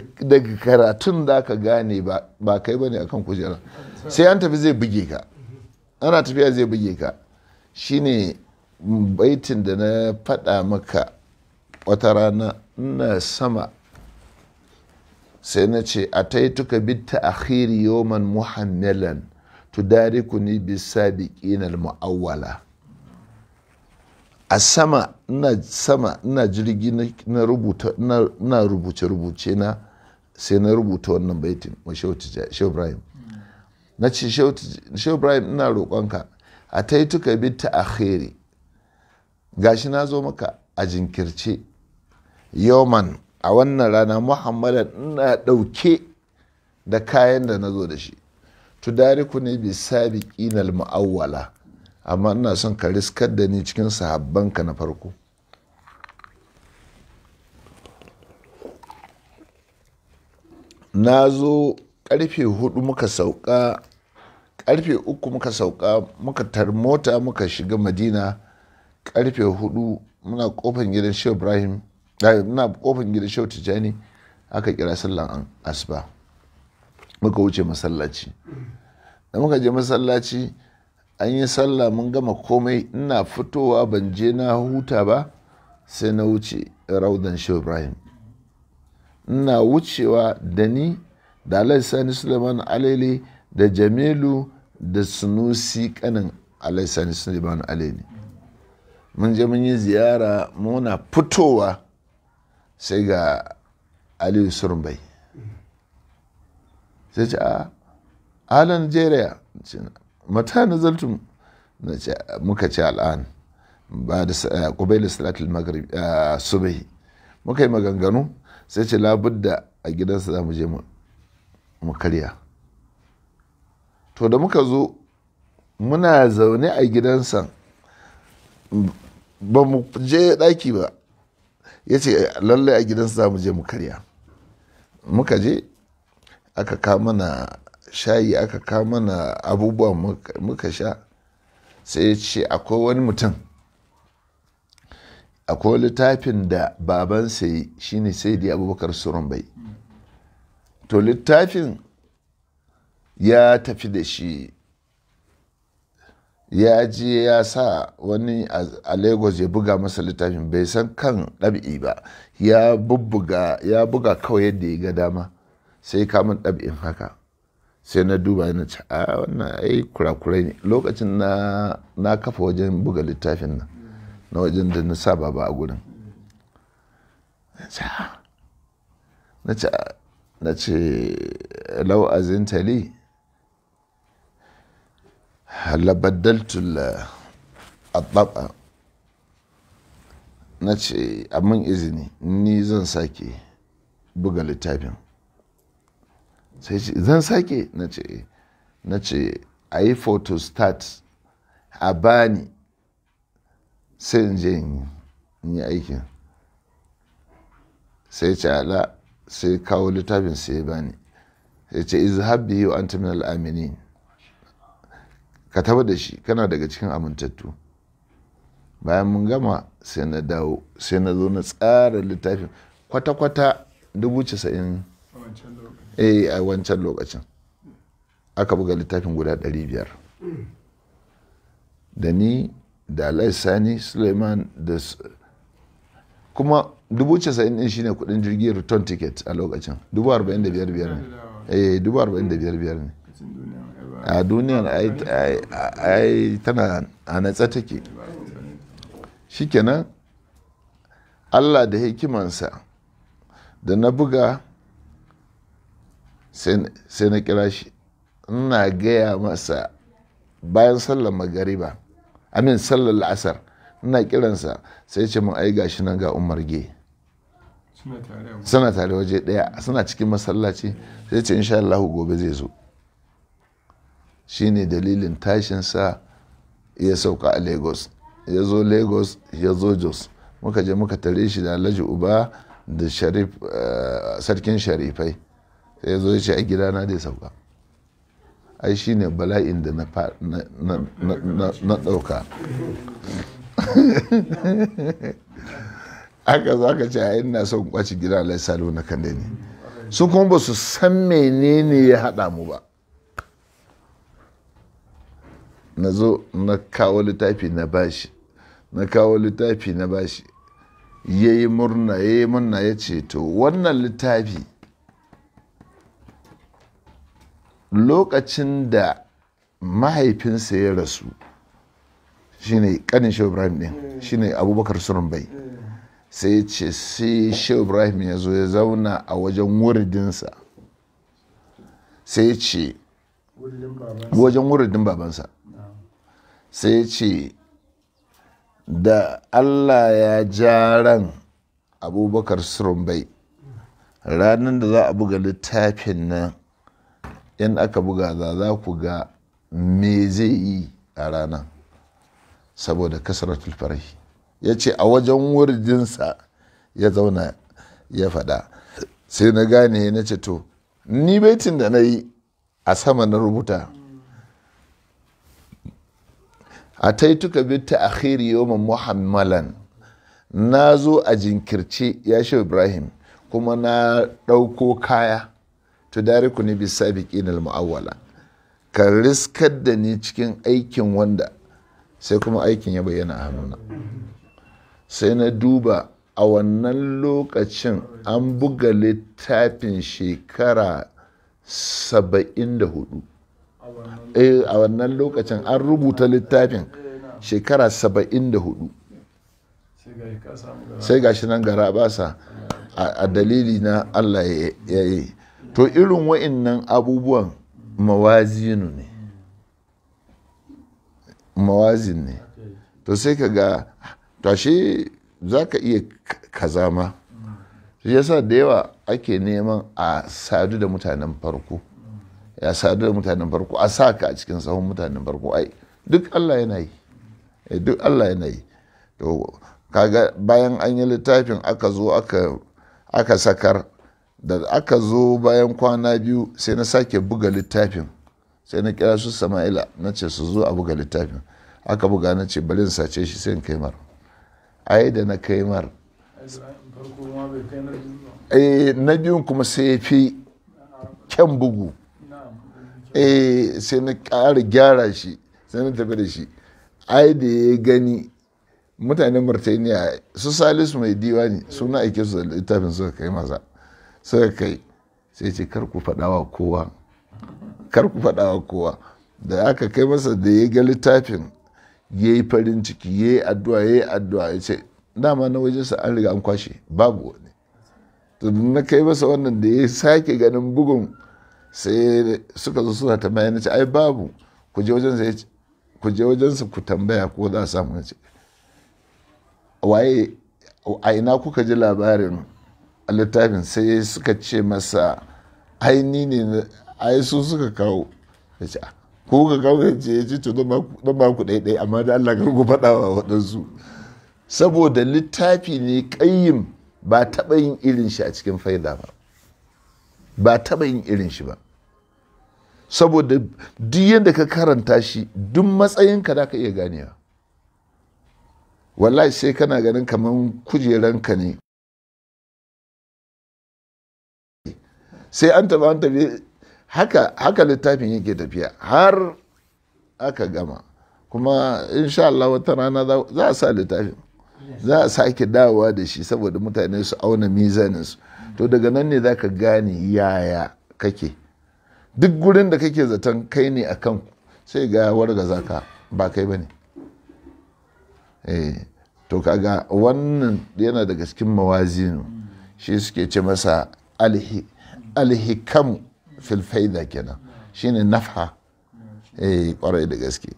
karatun za ka gane ba kai ba ne akan kujerar sai an tafi zai buge ka ana tafiya zai buge ka shine baitin da na faɗa maka wata rana ina sama sai na ce a ta yi taituka bitta akhiri yoman ku ni bi al-mu'awwala a sama ina sama ina jirgi na rubuta ina rubuce rubuce na sai na rubuta wannan baitin wa shehu ibrahim na ce shehu ibrahim ina roƙonka a ta yi taituka bitta akhiri gashi na zo maka a jinkirce yoman a wannan rana muhammadan ina ɗauke da kayan da na zo da shi tudariku ne bi sabi al mu'awwala amma ina son ka riskar da ni cikin sahabbanka na farko na zo karfe hudu muka sauka karfe uku muka sauka muka tarmota muka shiga madina karfe hudu muna kofar gidan shi ibrahim na kofin gidan shau tijani aka kira sallan an asuba muka wuce masallaci da muka je masallaci an yi sallah mun gama komai ina fitowa ban je na huta ba sai na wuce raudan shi ibrahim ina wucewa da ni da alai sani suleiman alele da jamilu da sunusi kanin alai sani suleiman alele mun je mun yi ziyara muna fitowa sai ga aliyu surumbai sai ce a ala nigeria mata ce muka ce al'an ba da ƙubailu eh, salatul maghrib eh, subai muka yi maganganu sai ce labudda a gidansa za mu je mu karya to da muka zo muna zaune a gidansa ba mu je ɗaki ba ya ce lallai a gidansu za mu je mu karya muka je aka kama mana shayi aka kama mana abubuwan muka sha sai ya ce akwai wani mutum akwai littafin da baban sai shine sai da abubakar surun bai to littafin ya tafi da shi ya je ya sa wani a lagos ya buga masa littafin bai san kan ɗab'i ba ya buga kawai yadda ya ga dama sai kamun ɗab'in haka sai na duba yana ci a wannan ai kurakurai ne lokacin na kafa wajen buga littafin nan na wajen da na sa baba a gurin na ce ah. ah. lau azintali labaddaltu al-tab'a na ce amin izini ni zan sake buga littafin sai ce zan sake na ce na ce a yi photostat a bani sai in yi aikin sai ce ala sai kawo littafin sai bani sai ce izhab bihi wa anta min al ka taba da shi kana daga cikin amintattu bayan mun gama sai na dawo sai na zo na tsara littafin kwata-kwata dubu casa'in eh, a wancan lokacin aka buga littafin guda ɗari biyar da ni da alai sani suleiman da kuma dubu casa'in din shine kudin jirgin return ticket a lokacin dubu arba'in da biyar biyar ne eh, dubu arba'in da biyar biyar ne a duniyar ai tana a natsa take shikenan allah da hikimansa da na buga sai na kira shi ina gaya masa bayan sallar magariba amin sallar la'asar ina kiransa sai ce mun ai gashi nan ga umar ge suna tare waje daya suna cikin masallaci sai ce insha Allah gobe zai zo Shi ne dalilin tashinsa ya sauka a lagos ya zo lagos ya zo jos muka je muka tare shi da alhaji uba da sharif eh, sarkin sharifai sai ya zo ya ce a gidana da ya sauka ai shi ne bala'in da na ɗauka haka za ka ce yi ina son kwaci gida alhaji salo na kande ne su kuma ba su san menene ya haɗa mu ba na zo na kawo littafi na bashi na kawo littafi na bashi ya yi murna ya yi murna ya ce to wannan littafi lokacin da mahaifinsa ya rasu shine kanin shehu ibrahim shi shine abubakar surumbai sai ya ce sai shehu ibrahim ya zo ya zauna a wajen wuridinsa sai ya ce wajen wuridin babansa sai ce da allah ya ja ran abubakar surumbai ranar da za a buga littafin nan in aka buga za za ku ga me zai yi a ranar saboda kasar farai ya ce a wajen wurjinsa ya zauna ya faɗa sai na gane na ce to ni baitin da na yi a sama na rubuta A taituka bi ta akhiri yawman muhammalan na zo a jinkirce ya ibrahim kuma na ɗauko kaya to dare ku ne bi sabiqin al mu'awwala ka riskar da ni cikin aikin wanda sai kuma aikin ya bayyana a hannuna sai na duba a wannan lokacin an buga littafin shekara saba'in da hudu Eh, a wannan lokacin an rubuta littafin shekara saba'in da hudu sai gashi nan gara basa a dalili na allah ya yi to irin wa'innan abubuwan mawazinu ne mawazin ne to sai ka ga tashi za ka iya kazama shi yasa da yawa ake neman a sadu da mutanen farko ya sadu da mutanen farko a sa ka a cikin sahun mutanen farko ai duk Allah yana yi eh, duk Allah yana yi to kaga bayan an yi littafin aka zo aka sakar da aka zo bayan kwana biyu sai na sake buga littafin sai na kira su sama'ila na ce su zo a buga littafin aka buga na ce balin sace shi sai kaimar ai da na kaimar eh, na biyun kuma sai ya fi kyan bugu eh sai na ƙara gyara shi sai na tafi da shi ai da ya gani mutanen martaniya su salisu mai diwa su suna aike su da littafin suka kai masa suka kai sai ce kar ku kowa kar ku kowa da aka kai masa da ya ga littafin ya yi farin ciki ya yi addu'a ya yi addu'a ya ce dama na wajensa an riga an kwashe babu wani to na kai masa wannan da ya sake ganin bugun sai suka zo suna tambaya na ce ai babu ku je wajen ku su ku tambaya ko za a samu na ce waye a ina kuka ji labarin a littafin sai suka ce masa aini ne ai su suka kawo ya ce ah, ko ka kawo ya ce ya ce to don ba ku ɗaiɗai amma da Allah kan ku faɗa wa waɗansu saboda littafi ne ƙayyim ba taɓa yin irin shi a cikin faida ba ba taɓa yin irin shi ba saboda duk yadda ka karanta shi duk matsayinka da ka iya ganewa wallahi sai kana ganin kamar ka ne sai an taba an tafi haka haka littafin yake tafiya har aka gama kuma insha Allah wata rana za a sa littafin za a sake dawowa da shi saboda mutane su auna mizaninsu to daga nan ne za ka gane yaya kake duk gurin da kake zaton kai ne a kan sai ga warga za ka ba kai ba ne eh, to kaga wannan yana daga cikin mawazinu shi suke ce masa alhikamu filfaida kenan shine nafha eh kwarai da gaske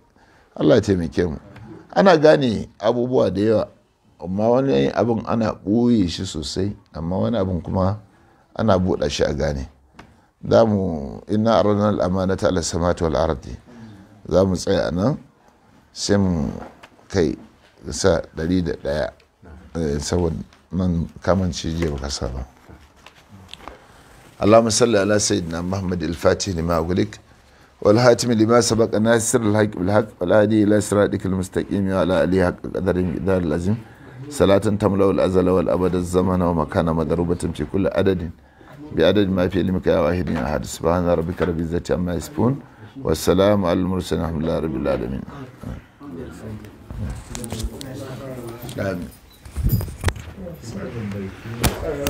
Allah ya taimake mu ana gane abubuwa da yawa amma wani abin ana ɓoye shi sosai amma wani abin kuma ana buɗa shi a gane za mu ina ranar amana ta alasamata wal ardi za mu a nan sai mu kai sa ɗari da ɗaya eh, saboda nan kamar ci ba baka ba. Allah musalli ala sayyidina Muhammad al-Fatih lima gulik wal lima sabaqa nasir al-haq bil ila siratikal mustaqim ya ala lazim صلاة تملأ الأزل والأبد الزمن ومكان مضروبة في كل عدد بعدد ما في علمك يا واحد يا أحد سبحان ربك رب العزة عما يصفون والسلام على المرسلين الحمد لله رب العالمين آمين